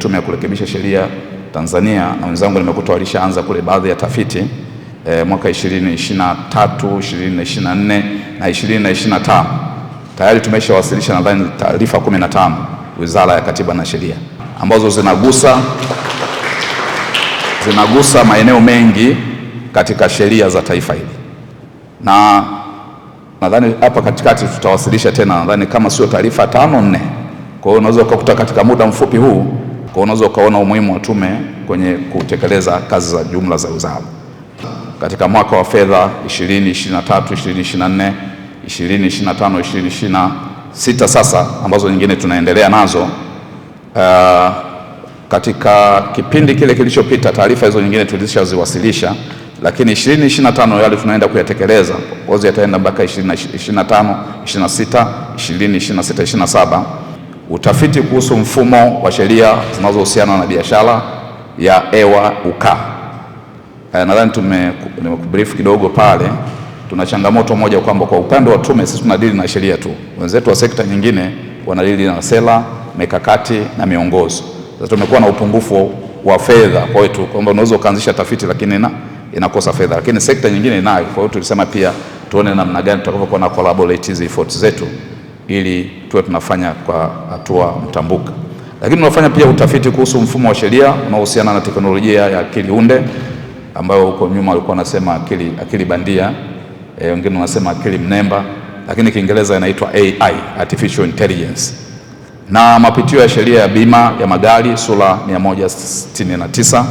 Tume ya Kurekebisha Sheria Tanzania na wenzangu nimekuta walishaanza kule baadhi ya tafiti e, mwaka 2023, 2024 na 2025 tayari tumeshawasilisha nadhani taarifa 15 Wizara ya Katiba na Sheria ambazo zinagusa zinagusa maeneo mengi katika sheria za taifa hili, na nadhani hapa katikati tutawasilisha tena nadhani kama sio taarifa tano nne. Kwa hiyo unaweza ukakuta katika muda mfupi huu kwa unaweza ukaona umuhimu wa tume kwenye kutekeleza kazi za jumla za wizara. Katika mwaka wa fedha 2023 2024 2025 2026 sasa ambazo nyingine tunaendelea nazo uh, katika kipindi kile kilichopita taarifa hizo nyingine tulishaziwasilisha, lakini 2025 yale tunaenda kuyatekeleza, ozi yataenda mpaka 2025 26 2026 27 utafiti kuhusu mfumo wa sheria zinazohusiana na biashara ya uka. E, eh, Nadhani nimekubrief kidogo pale. Tuna changamoto moja kwamba kwa upande wa tume sisi tunadili na sheria tu, wenzetu wa sekta nyingine wanadili na sera, mikakati na miongozo. Sasa tumekuwa na upungufu wa fedha kwetu, kwamba unaweza ukaanzisha tafiti lakini ina, inakosa fedha, lakini sekta nyingine inayo. Kwa hiyo tulisema pia tuone namna gani tutakavyokuwa na collaborate hizi efforts zetu ili tuwe tunafanya kwa hatua mtambuka. Lakini tunafanya pia utafiti kuhusu mfumo wa sheria unaohusiana na teknolojia ya akili unde ambayo huko nyuma walikuwa wanasema akili, akili bandia e, wengine wanasema akili mnemba, lakini Kiingereza inaitwa AI, artificial intelligence, na mapitio ya sheria ya bima ya magari sura 169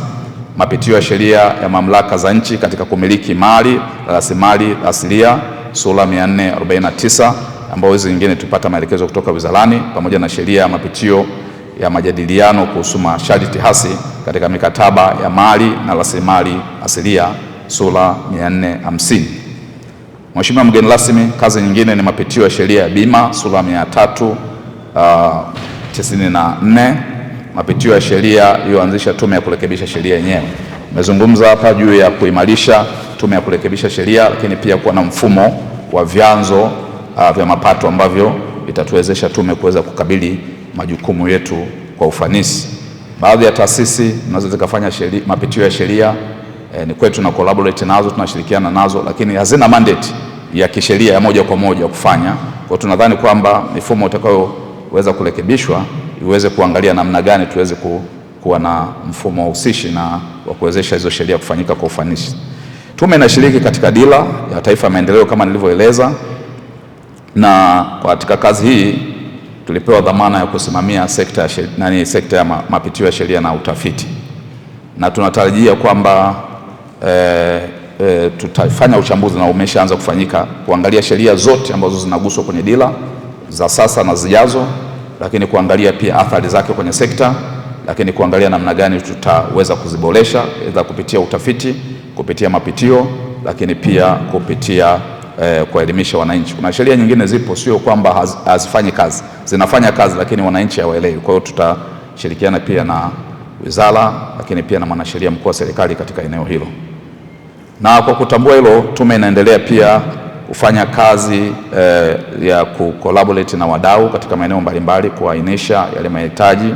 mapitio ya sheria ya mamlaka za nchi katika kumiliki mali rasilimali asilia sura 449 ambao hizi nyingine tupata maelekezo kutoka wizarani pamoja na sheria ya mapitio ya majadiliano kuhusu masharti hasi katika mikataba ya mali na rasilimali asilia sura 450. Mheshimiwa mgeni rasmi, kazi nyingine ni mapitio ya sheria ya bima sura 394, ah, mapitio ya sheria iliyoanzisha tume ya kurekebisha sheria yenyewe. mezungumza hapa juu ya kuimarisha tume ya kurekebisha sheria, lakini pia kuwa na mfumo wa vyanzo uh, vya mapato ambavyo vitatuwezesha tume kuweza kukabili majukumu yetu kwa ufanisi. Baadhi ya taasisi tunaweza zikafanya mapitio ya sheria eh, ni kwetu na collaborate nazo, tunashirikiana nazo, lakini hazina mandate ya kisheria ya moja kwa moja kufanya. Kwa tunadhani kwamba mifumo itakayoweza kurekebishwa iweze kuangalia namna gani tuweze ku, kuwa na mfumo wahusishi na wa kuwezesha hizo sheria kufanyika kwa ufanisi. Tume inashiriki katika dira ya taifa ya maendeleo kama nilivyoeleza na katika kazi hii tulipewa dhamana ya kusimamia sekta ya nani, sekta ya mapitio ya sheria na utafiti, na tunatarajia kwamba e, e, tutafanya uchambuzi na umeshaanza kufanyika kuangalia sheria zote ambazo zinaguswa kwenye dira za sasa na zijazo, lakini kuangalia pia athari zake kwenye sekta, lakini kuangalia namna gani tutaweza kuziboresha, aidha kupitia utafiti, kupitia mapitio, lakini pia kupitia eh, kuwaelimisha wananchi. Kuna sheria nyingine zipo, sio kwamba hazifanyi kazi, zinafanya kazi, lakini wananchi hawaelewi. Kwa hiyo tutashirikiana pia na wizara, lakini pia na mwanasheria mkuu wa serikali katika eneo hilo, na kwa kutambua hilo, tume inaendelea pia kufanya kazi eh, ya kucollaborate na wadau katika maeneo mbalimbali kuainisha yale mahitaji.